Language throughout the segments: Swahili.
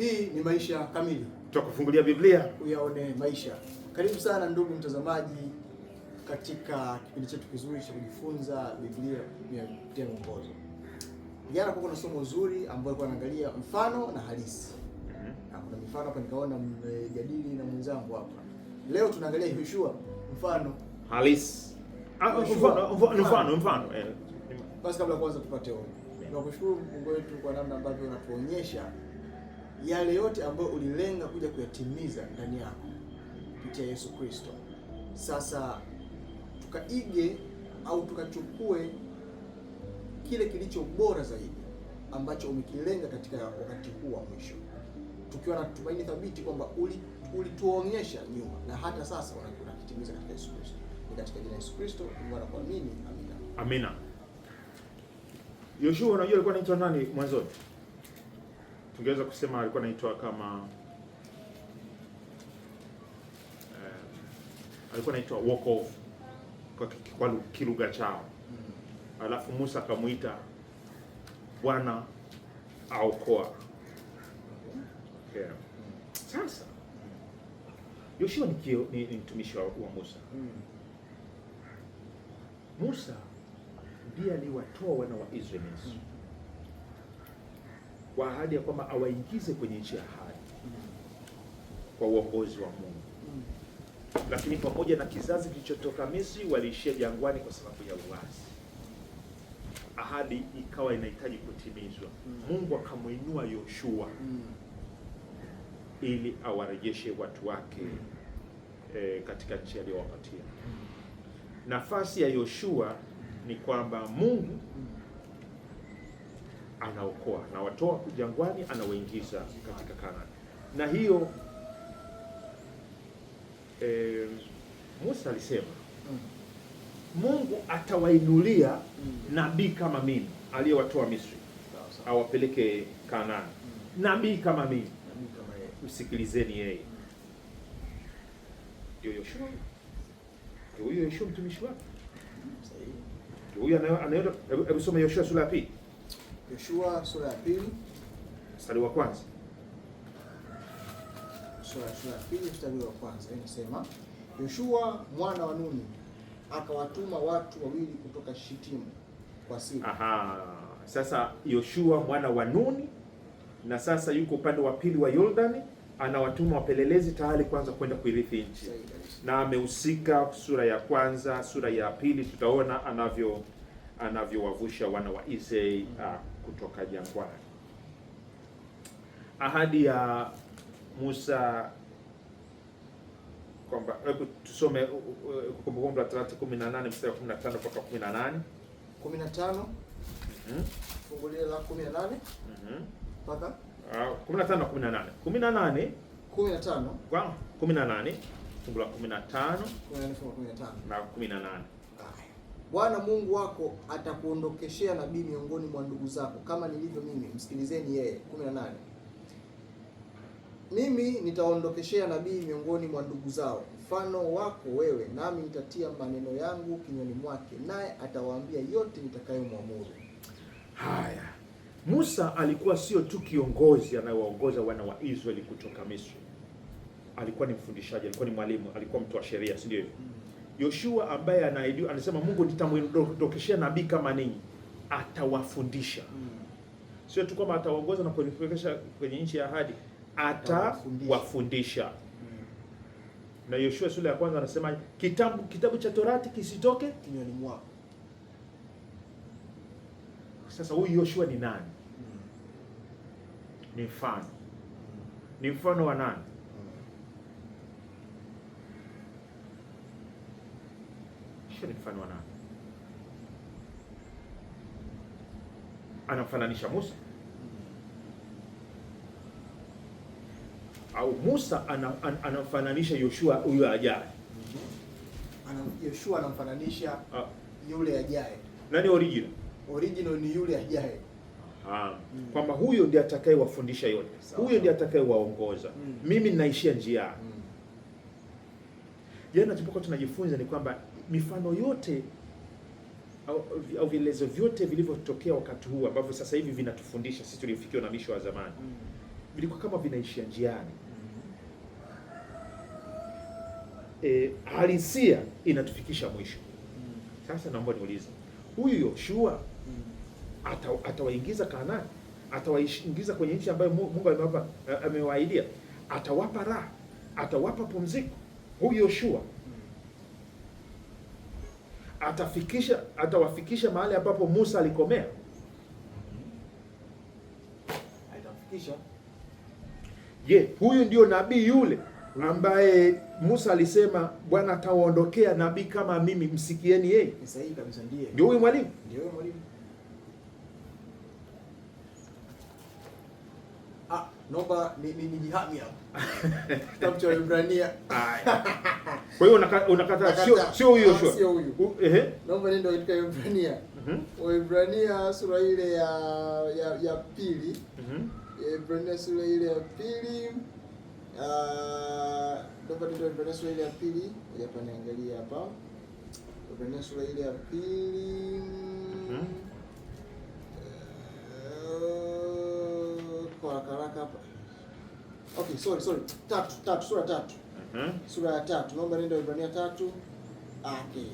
Hii ni Maisha Kamili, tutakufungulia Biblia uyaone maisha. Karibu sana ndugu mtazamaji katika kipindi chetu kizuri cha kujifunza Biblia kupitia mwongozo. Jana kulikuwa na somo zuri ambalo kwa naangalia mfano na halisi mm -hmm. na kuna mifano hapa nikaona mjadili na mwenzangu hapa. Leo tunaangalia Yoshua mfano halisi, ah, mfano mfano. mfano, eh. Basi kabla kwanza tupate ombi, tunakushukuru Mungu wetu kwa namna ambavyo unatuonyesha yale yote ambayo ulilenga kuja kuyatimiza ndani yako kupitia Yesu Kristo. Sasa tukaige au tukachukue kile kilicho bora zaidi ambacho umekilenga katika wakati huu wa mwisho, tukiwa na tumaini thabiti kwamba ulituonyesha uli nyuma na hata sasa unakitimiza katika Yesu Kristo. Ni katika jina la Yesu Kristo mwana kuamini, amina, amina. Yoshua, unajua alikuwa anaitwa nani mwanzoni? tungeweza kusema alikuwa anaitwa kama eh, alikuwa anaitwa walk off kwa, kwa kilugha chao. Mm-hmm. Alafu Musa akamwita Bwana aokoa. Okay. Sasa Yoshua ni mtumishi wa Musa. Mm-hmm. Musa ndiye aliwatoa wana wa Israeli kwa ahadi ya kwamba awaingize kwenye nchi ya ahadi kwa uongozi wa Mungu. Lakini pamoja na kizazi kilichotoka Misri waliishia jangwani kwa sababu ya uasi. Ahadi ikawa inahitaji kutimizwa. Mungu akamwinua Yoshua ili awarejeshe watu wake e, katika nchi aliyowapatia. Nafasi ya Yoshua ni kwamba Mungu anaokoa, anawatoa jangwani, anawaingiza katika Kanaani. Na hiyo e, Musa alisema Mungu atawainulia nabii kama mimi aliyewatoa Misri awapeleke Kanaani nabii kama mimi, msikilizeni yeye. Ndio Yoshua, ndio huyo Yoshua mtumishi wake, ndio huyo anayeenda. Hebu soma Yoshua sura ya pili. Yoshua sura ya pili mstari wa kwanza sura ya pili mstari wa kwanza inasema, Yoshua mwana wa Nuni akawatuma watu wawili kutoka Shitimu kwa siri. Aha, sasa Yoshua mwana wa Nuni na sasa yuko upande wa pili wa Yordani, anawatuma wapelelezi tayari kwanza kwenda kuirithi nchi, na amehusika sura ya kwanza, sura ya pili tutaona anavyo anavyowavusha wana wa Israeli uh, kutoka jangwani. Ahadi ya Musa kwamba tusome Kumbukumbu la Torati 18 mstari wa 15 mpaka 18. 15 fungu lile la 18 mpaka 15 18 18 15 fungu la 15 na 18. Bwana Mungu wako atakuondokeshea nabii miongoni mwa ndugu zako kama nilivyo mimi, msikilizeni yeye. 18 Mimi nitaondokeshea nabii miongoni mwa ndugu zao mfano wako wewe, nami nitatia maneno yangu kinywani mwake, naye atawaambia yote nitakayomwamuru. Haya, Musa alikuwa sio tu kiongozi anayewaongoza wana wa Israeli kutoka Misri, alikuwa ni mfundishaji, alikuwa ni mwalimu, alikuwa mtu wa sheria, si ndio hivyo? Mm. Yoshua ambaye anaidiwa anasema Mungu nitamwondokeshea nabii kama ninyi, atawafundisha mm. Sio tu kama atawaongoza na kuwapeleka kwenye nchi ya ahadi, atawafundisha mm. Na Yoshua sura ya kwanza anasema kitabu kitabu cha Torati kisitoke kinywani mwako. Sasa huyu Yoshua ni nani? mm. Ni mfano mm. Ni mfano wa nani? kisha ni nani? Anamfananisha Musa au Musa anamfananisha Yoshua huyo ajaye. Mhm. Yoshua anamfananisha ah. yule ajaye. Nani original? Original ni yule ajaye. Mm. Kwamba huyo ndiye atakayewafundisha yote, huyo ndiye atakayewaongoza. Mm. Mimi ninaishia njia Mm. Jana tulipokuwa tunajifunza ni kwamba mifano yote au, au vielezo vyote vilivyotokea wakati huu ambavyo sasa hivi vinatufundisha sisi tuliofikiwa na misho wa zamani mm. vilikuwa kama vinaishia njiani mm. E, halisia inatufikisha mwisho mm. Sasa naomba niulize, huyu Yoshua mm. ata, atawaingiza Kanaani, atawaingiza kwenye nchi ambayo Mungu amewapa eh, amewaahidia, atawapa raha, atawapa pumziko. Huyu Yoshua atafikisha atawafikisha mahali ambapo Musa alikomea? Atafikisha. Je, huyu ndio nabii yule ambaye Musa alisema Bwana atawaondokea nabii kama mimi, msikieni yeye? Ni sahihi kabisa, ndiye. Ndio huyu mwalimu? Ndio huyu mwalimu. Ah, naomba ni ni, ni hapo. Kitabu cha Ibrania. Kwa hiyo unakata sio sio huyo Yoshua. Ah, sio Eh eh. Naomba nenda katika Waebrania. Mhm. Waebrania sura ile ya ya, ya pili. Mhm. Waebrania sura ile ya pili. Ah, naomba nenda Waebrania sura ile ya pili. Ngoja hapa niangalie hapa. Waebrania sura ile ya pili. Mhm. Eh, kwa haraka hapa. Okay, sorry, sorry. Tatu, tatu, sura tatu. -hmm. sura ya tatu naomba nenda Waebrania tatu ah, okay.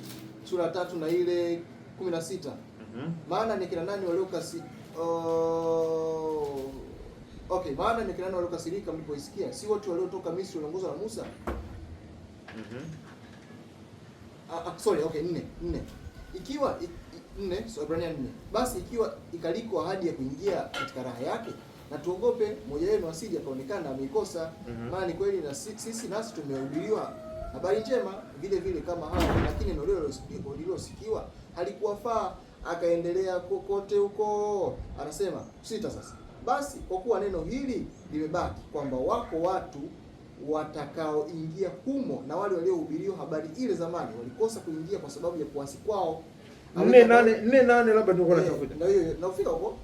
sura ya tatu na ile kumi na sita mm -hmm. maana ni kina nani waliokasi oh... okay maana ni kina nani waliokasirika mlipoisikia, si wote waliotoka Misri waliongozwa na Musa? mm -hmm. Ah, ah, sorry okay, nne nne ikiwa nne Waebrania nne basi ikiwa ikaliko ahadi ya kuingia katika raha yake na tuogope mmoja wenu asije akaonekana ameikosa. mm -hmm. kweli na sisi nasi tumehubiriwa habari njema vile vile kama hao, lakini neno lililosikiwa halikuwafaa, akaendelea kokote huko. Anasema sita sasa basi, kwa kuwa neno hili limebaki kwamba wako watu watakaoingia humo, na wale waliohubiriwa habari ile zamani walikosa kuingia kwa sababu ya kuasi kwao. nne nane nne nane labda tunakuwa tunatafuta na hiyo na ufika huko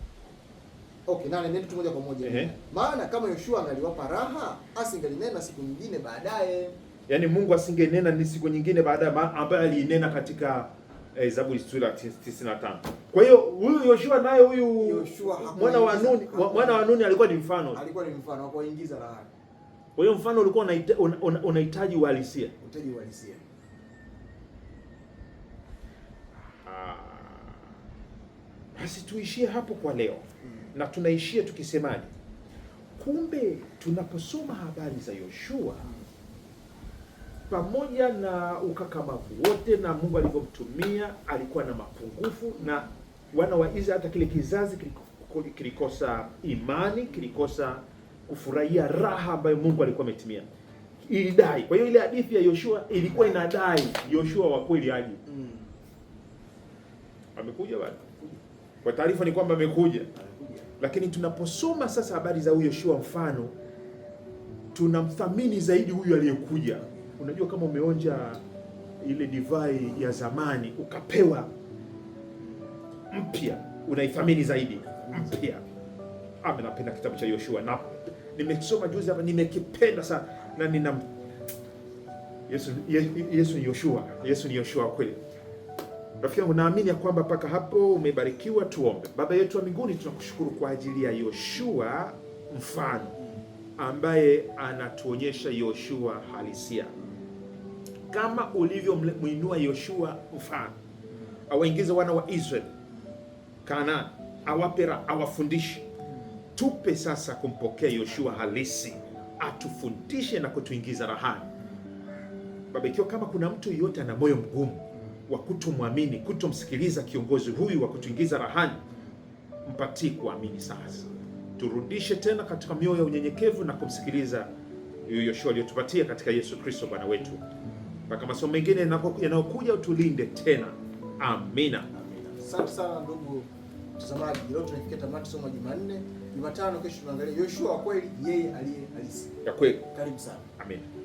Okay, na nende tu moja kwa moja. -huh. Maana kama Yoshua angaliwapa raha, asingelinena siku nyingine baadaye. Yaani Mungu asingenena ni siku nyingine baadaye ambaye aliinena katika eh, Zaburi sura 95. Kwa hiyo huyu Yoshua naye huyu mwana wa Nuni, mwana wa Nuni alikuwa ni mfano. Alikuwa ni mfano kwa kuingiza raha. Kwa hiyo mfano ulikuwa unahitaji uhalisia. Unahitaji uhalisia. Ah. Basi tuishie hapo kwa leo. Hmm na tunaishia tukisemaje? Kumbe tunaposoma habari za Yoshua pamoja na ukakamavu wote na Mungu alivyomtumia, alikuwa na mapungufu, na wana wa Israeli, hata kile kizazi kilikosa imani, kilikosa kufurahia raha ambayo Mungu alikuwa ametimia, ilidai. Kwa hiyo ile hadithi ya Yoshua ilikuwa inadai Yoshua wa kweli aje. Mm. Amekuja bado. Kwa taarifa ni kwamba amekuja. Lakini tunaposoma sasa habari za huyo Yoshua mfano, tunamthamini zaidi huyu aliyekuja. Unajua, kama umeonja ile divai ya zamani ukapewa mpya, unaithamini zaidi mpya. Ame, ah, napenda kitabu cha Yoshua na nimekisoma juzi hapa, nimekipenda sana na nina Yesu, Yesu ni Yoshua, Yesu ni Yoshua kweli. Rafiki yangu, naamini ya kwamba mpaka hapo umebarikiwa. Tuombe. Baba yetu wa mbinguni, tunakushukuru kwa ajili ya Yoshua mfano ambaye anatuonyesha Yoshua halisia, kama ulivyomwinua Yoshua mfano awaingize wana wa Israeli kanaan awapera awafundishe. Tupe sasa kumpokea Yoshua halisi, atufundishe na kutuingiza rahani. Baba, ikiwa kama kuna mtu yoyote ana moyo mgumu wa kutomwamini, kutomsikiliza kiongozi huyu wa kutuingiza rahani, mpatii kuamini. Sasa turudishe tena katika mioyo ya unyenyekevu na kumsikiliza Yoshua aliyotupatia katika Yesu Kristo Bwana wetu, mpaka masomo mengine yanayokuja, utulinde tena. Amina. Asante sana ndugu mtazamaji, leo tunafikia tamati somo la Jumanne. Jumatano kesho tunaangalia Yoshua wa kweli, yeye aliye halisi ya kweli. Karibu sana. Amina.